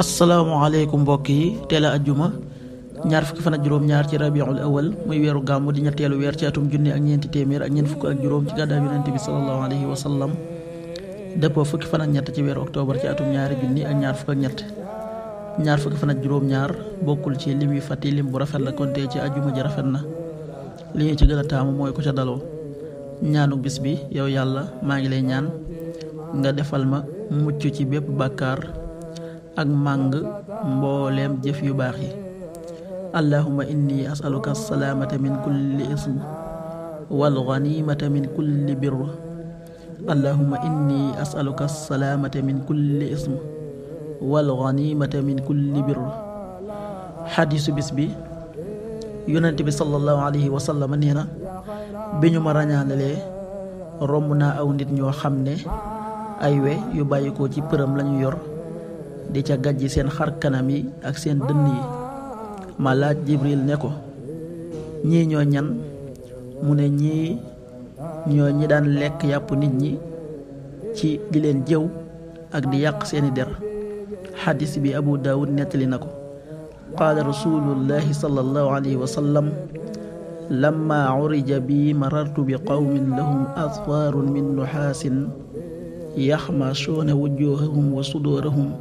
asalaamaaleykum mbokk yi teel a ajjuma ñaar fukki fan ak juróom-ñaar ci muy weeru gàmmu di ñetteelu weer ci atum junni ak ñeenti téeméer ak ñeent fukk ak juróom ci gàddaay yonent bi sallallahu alayhi wa sallam dëppoo fukki fan ak ñett ci weeru octobre ci atum ñaari junni ak ñaar fukk ak ñett ñaar fukki fan ak bokkul ci lim yu fàtti lim bu rafet la konte ci ajjuma ja rafet na li ñu ci gën a taamu mooy ko ca daloo ñaanu bis bi yow yàlla maa ngi lay ñaan nga defal ma mucc ci bépp bàkkaar ak màng mboolem jëf yu baax yi allahuma inni asaluka alsalaamata min kulli ism walganimata min min kulli ism xadiisu bis bi yonent bi sallallahu alayhi wa nee na bi ñu ma ràññaanalee romb naa aw nit ñoo xam ne ay we yu bàyyikoo ci përëm lañu yor di ca gàjji seen xar kanam yi ak seen dënn yi ma laaj Jibril ne ko ñii ñoo ñan mu ne ñii ñoo ñi daan lekk yàppu nit ñi ci di leen jëw ak di yàq seeni der xadis bi abu daawud nettali na ko qaala rasulullahi sallallahu alayhi wa sallam lamma urija marartu bi qawmin lahum asfaarun min nuxaasin yaxmasuuna wujuuhahum wa suduurahum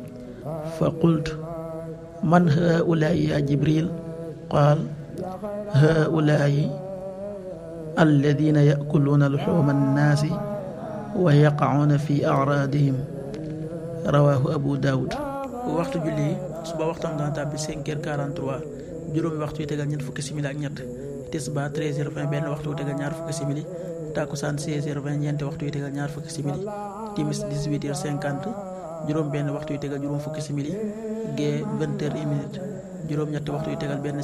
fa qultu man haa'ulaa'i yaa jibriil qaal haa'ulaa'i alladiina ya'kuluuna luxuuma annaasi wa yaqa'uuna fi a'raadihim rawaahu abu daawud waxtu julli suba waxtaan dana tàbbi cinq heures quarante-trois juróomi waxtu yi tegal ñett fukki simili ak ñett tisbaar treize heures vingt benn waxtu tegal ñaar fukki simili takkusaan 16 heures 20 ñeenti waxtu yu tegal ñaar fukki simili timis 18 heures 50 juróom benn waxtu yu tegal juróom fukki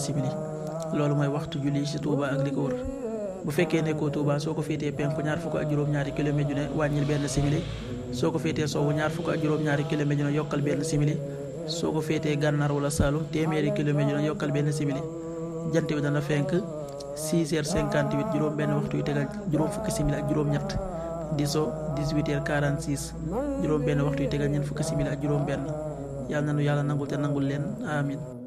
simili loolu mooy waxtu julli ci Touba ak li ko wër bu fekkee nekkoo Touba soo ko féetee penku ñaar fukk ak juróom-ñaari kilomètre ju ne wàññil benn simili soo ko féetee sowwu ñaar fukk ak juróom-ñaari kilomètre ju ne yokkal benn simili soo ko féetee gànnaar wala Saalum téeméeri kilomètre ju ne yokkal benn simili jant bi dana fenk six heures cinquante huit juróom benn waxtu yu tegal juróom fukki simili ak juróom ñett diso dix huit heures quarante six juróom benn waxtu yu tegal ñeent fukki simili ak juróom benn yàlla na nu yàlla nangul te nangul leen amin